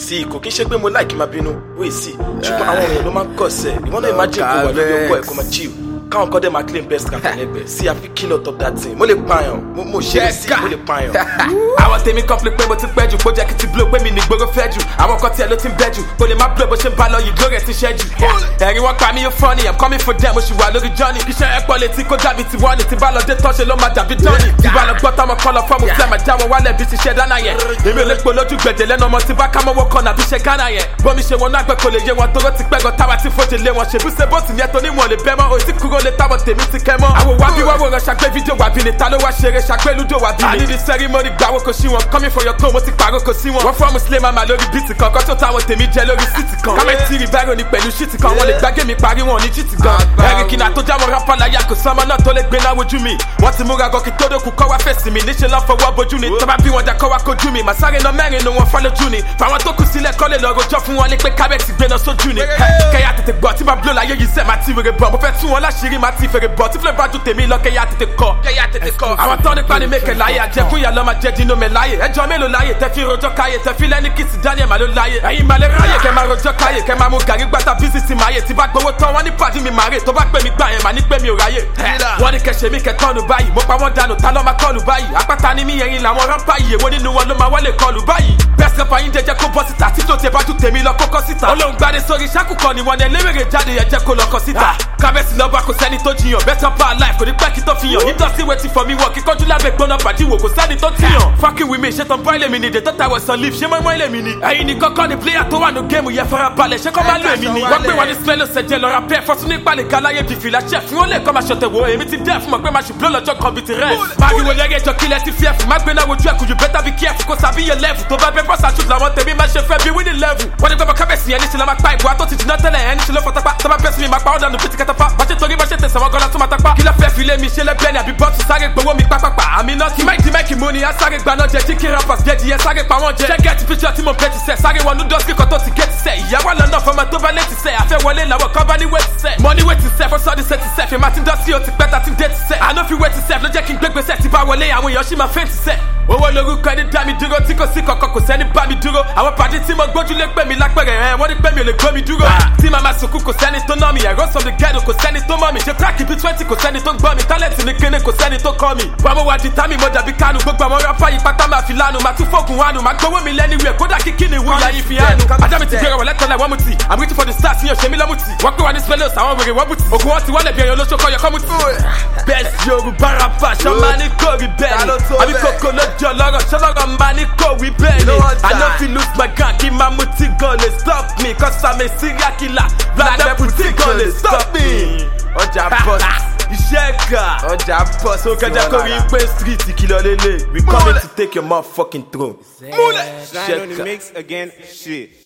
sí kò kí n ṣe pé mo láì kí n máa bínú wíì sí ṣùgbọ́n àwọn èèyàn ló máa ń kọ̀ sẹ́ ìwọ́n náà imagine kò wà lórí ọkọ̀ ẹ̀ kò máa chill káwọn kan dẹ̀ máa claim best kan kẹlẹ́gbẹ̀ sí àfi kill on that thing mo lè pààyàn mo ṣe é sí mo lè pààyàn. àwọn tèmi kan fi pé mo ti pẹ́ jù kó jẹ́ kí ti blow pé mi ní fẹ́ jù àwọn kan tiẹ̀ ló ti ń bẹ́ jù kó lè má blow bó ṣe ń bá lọ yìí glory ti ṣẹ́ jù. ẹ̀rín wọn pa mí yóò fọ́ ni I'm coming for them mo ṣì wà lórí journey. iṣẹ́ ẹ̀ pọ̀ létí kó dàbí ti wọ́ọ̀nì tí bá lọ dé tọ́ṣe ló máa dàbí dọ́ọ̀nì. tí bá lọ go later but tèmi ti àwò wá bí wáwò wà bí ni ta ló wá ṣeré wà bí ni. sẹ́rímọ́nì gbàwó kò sí wọn coming for your ti kò sí wọn. wọ́n fọ́ mùsùlùmí àmà lórí bíìtì kan tó táwọn tèmi jẹ lórí síìtì kan. kámẹ́ tí rí báyìí òní pẹ̀lú ṣíìtì kan wọ́n lè gbá gémi parí wọn ní jìtì gan. ẹ̀rìnkì náà tó já wọn rápá láyà kò sọ́mọ náà tó lè gbé náà wojú mi. wọ́n ti múra dókun kọ́ wá fèsì mi níṣẹ́ fọwọ́ bojú ni. jiti gan bí wọn jà kọ́ wá kojú mi màsáré náà mẹ́rin ni wọ́n fọ́lójú ni. fàwọn tó kù sílẹ̀ kọ́ lè lọ rojọ́ fún wọn ní pé kábẹ́ẹ̀tì gbéná sójú ni. kẹ́yà tètè gbọ́ tí máa blow láyé yìí sẹ́ẹ̀ máa ti wèrè to ku sile ko le lo rojo fun won ni pe gbena soju ni keya tete gbo ti see ṣírí máa ti fèrè bọ̀ tí flavour adùn tèmi lọ kẹ́yà tètè kọ. kẹ́yà tètè kọ. àwọn tán nípa ni mẹ́kẹ̀ láyé àjẹkùn ìyá lọ́mọ jẹ́ dínú mẹ́ láyé ẹjọ́ mélòó láyé tẹ fi rojọ́ káyé tẹ fi lẹ́ni kìsì daniel màló láyé. ẹ̀yin malẹ̀ ráyè kẹ́ máa rojọ́ káyé kẹ́ máa mú gàrí gbàtà bísíìsì máyé tí bá gbowó tán wọ́n ní pàdé mi màrè tó bá pè mí gbà yẹn mà ní pè mí fàyín jẹjẹ kó bọ́ síta títò tẹ bá tún tèmi lọ kókó síta. olóhùn gbadé sórí sákùkọ ni wọn ẹlẹ́wẹ̀rẹ̀ jáde ẹ̀jẹ̀ kó lọ kọ síta. Ah. kábẹ́sì lọ́ba kò sẹ́ni tó jiyàn better power life kò ní pẹ́ kí tó fi hàn nítorí wetin for me wọ kíkọ́jú lábẹ́ gbọ́nà pàdíwò kò sẹ́ni tó tiyàn fucking with me ṣe tán bọ́ìlì mi ni the daughter was on leave ṣé mọ́ ìmọ̀ìlẹ̀ mi ni. ẹ̀yin ni kọ́kọ́ ni player tó wà ní géèmù yẹn fara balẹ̀ ṣé kọ́ máa lo èmi ni. wọ́n pè wọ́n ní smelo sẹ̀jẹ̀ lọ́ra pẹ́ fọ́tún nípa lè ga láyé bìfì làjẹ́ fún wọn lè kọ́ máa ṣọ̀tẹ̀ wò èmi ti dẹ́ fún mọ̀ pé máa ṣù blow lọ́jọ́ kan bìtì rẹ̀. pariwo lẹ́yìn ẹjọ́ kílẹ̀ ti fi ẹ̀fù má gbéná wojú ẹ̀kú you better be careful kó sàbí yẹn lẹ́fù tó bá bẹ́ bọ́sà jù làwọn tèmi máa ṣe fẹ́ bí wíní lẹ́fù. wọ́n ní gbọ́dọ̀ kábẹ̀sì yẹn níṣẹ́ la máa pa ìbò àtọ́tì jìnnà tẹ́lẹ̀ yẹn níṣẹ́ ló fọ́ tápá tábà pẹ́sì mi máa pa ọ́ dànù bìtì kẹta sanwó gọ́lá tó máa tapá kí ló fẹ́ fi lé mi ṣe lẹ́gbẹ́ ni àbí bọ́ọ̀tù sáré gbowó mi pápápá àmì náà ti máìkì máìkì mú ni a sáré gbaná jẹ chicken rappers jẹ jìyẹ sáré pa wọ́n jẹ ṣẹ́gẹ̀ẹ́tì fíjọ́ tí mo bẹ́ẹ̀ ti sẹ́ sáré wọnú dọ́sì tó ti gẹ́ẹ̀tì sẹ́ ìyàwó lọ́nà fọmọ tó bá lẹ́ẹ̀tì sẹ́ àfẹ́ wọlé làwọ bá ní wait to sef mo ní wait to sef ó sọ di set to sef èmi àti dọ́sí o ti pẹ́ ta ti dé I sef àná fi wait to sef ló jẹ́ kí n gbégbé sef ti bá wọlé àwọn èèyàn ṣì máa faint to sef owó lorúkọ ẹni Me mi dúró tí kò sí kankan kò sẹ́ni bá mi dúró àwọn pàdé tí mo gbójúlé pè mí lápẹ̀rẹ̀ ẹ̀ wọ́n ní pé mi ò lè gbó mi dúró tí màmá sunkún kò sẹ́ni tó I mi ẹ̀rọ the ghetto. kò ah. Send it to mi ṣe crack it. bí twenty kò sẹ́ni tó gbọ́ mi tálẹ̀tì ní kíni kò sẹ́ni tó kọ́ mi wà mo wà di tá mi mo dàbí kánú gbogbo àwọn rápá yìí pátá máa fi lánàá máa tún fọ́ọ̀gùn wánu máa gbowó mi lẹ́ni wíwẹ̀ kódà kíkí I ìwúyà yìí fi hànú ajá mi ti gbé rẹ̀ wọ̀lẹ́tọ̀lẹ̀ wọ́n mu ti I'm waiting for the stars ní shemila lọ́mù pé wà ní spellos àwọn wèrè wọ́n bùtù ògùn wọn ti wọlé bí ẹyọ lóṣù kọyọ kọ́mú tù. best yorùbá rapper sọ́mà ní kò rí bẹ́ẹ̀ ni àbí kòkó lójú best i lose my gun kí my mú tí stop me cause i'm a serial killer black and tí gan stop me. ọjà bọ́sì iṣẹ́ ọjà boss, oka kẹjá kó rí street kìlọ̀ lélẹ̀ we coming to take your mouth throne. múlẹ̀ again, shit.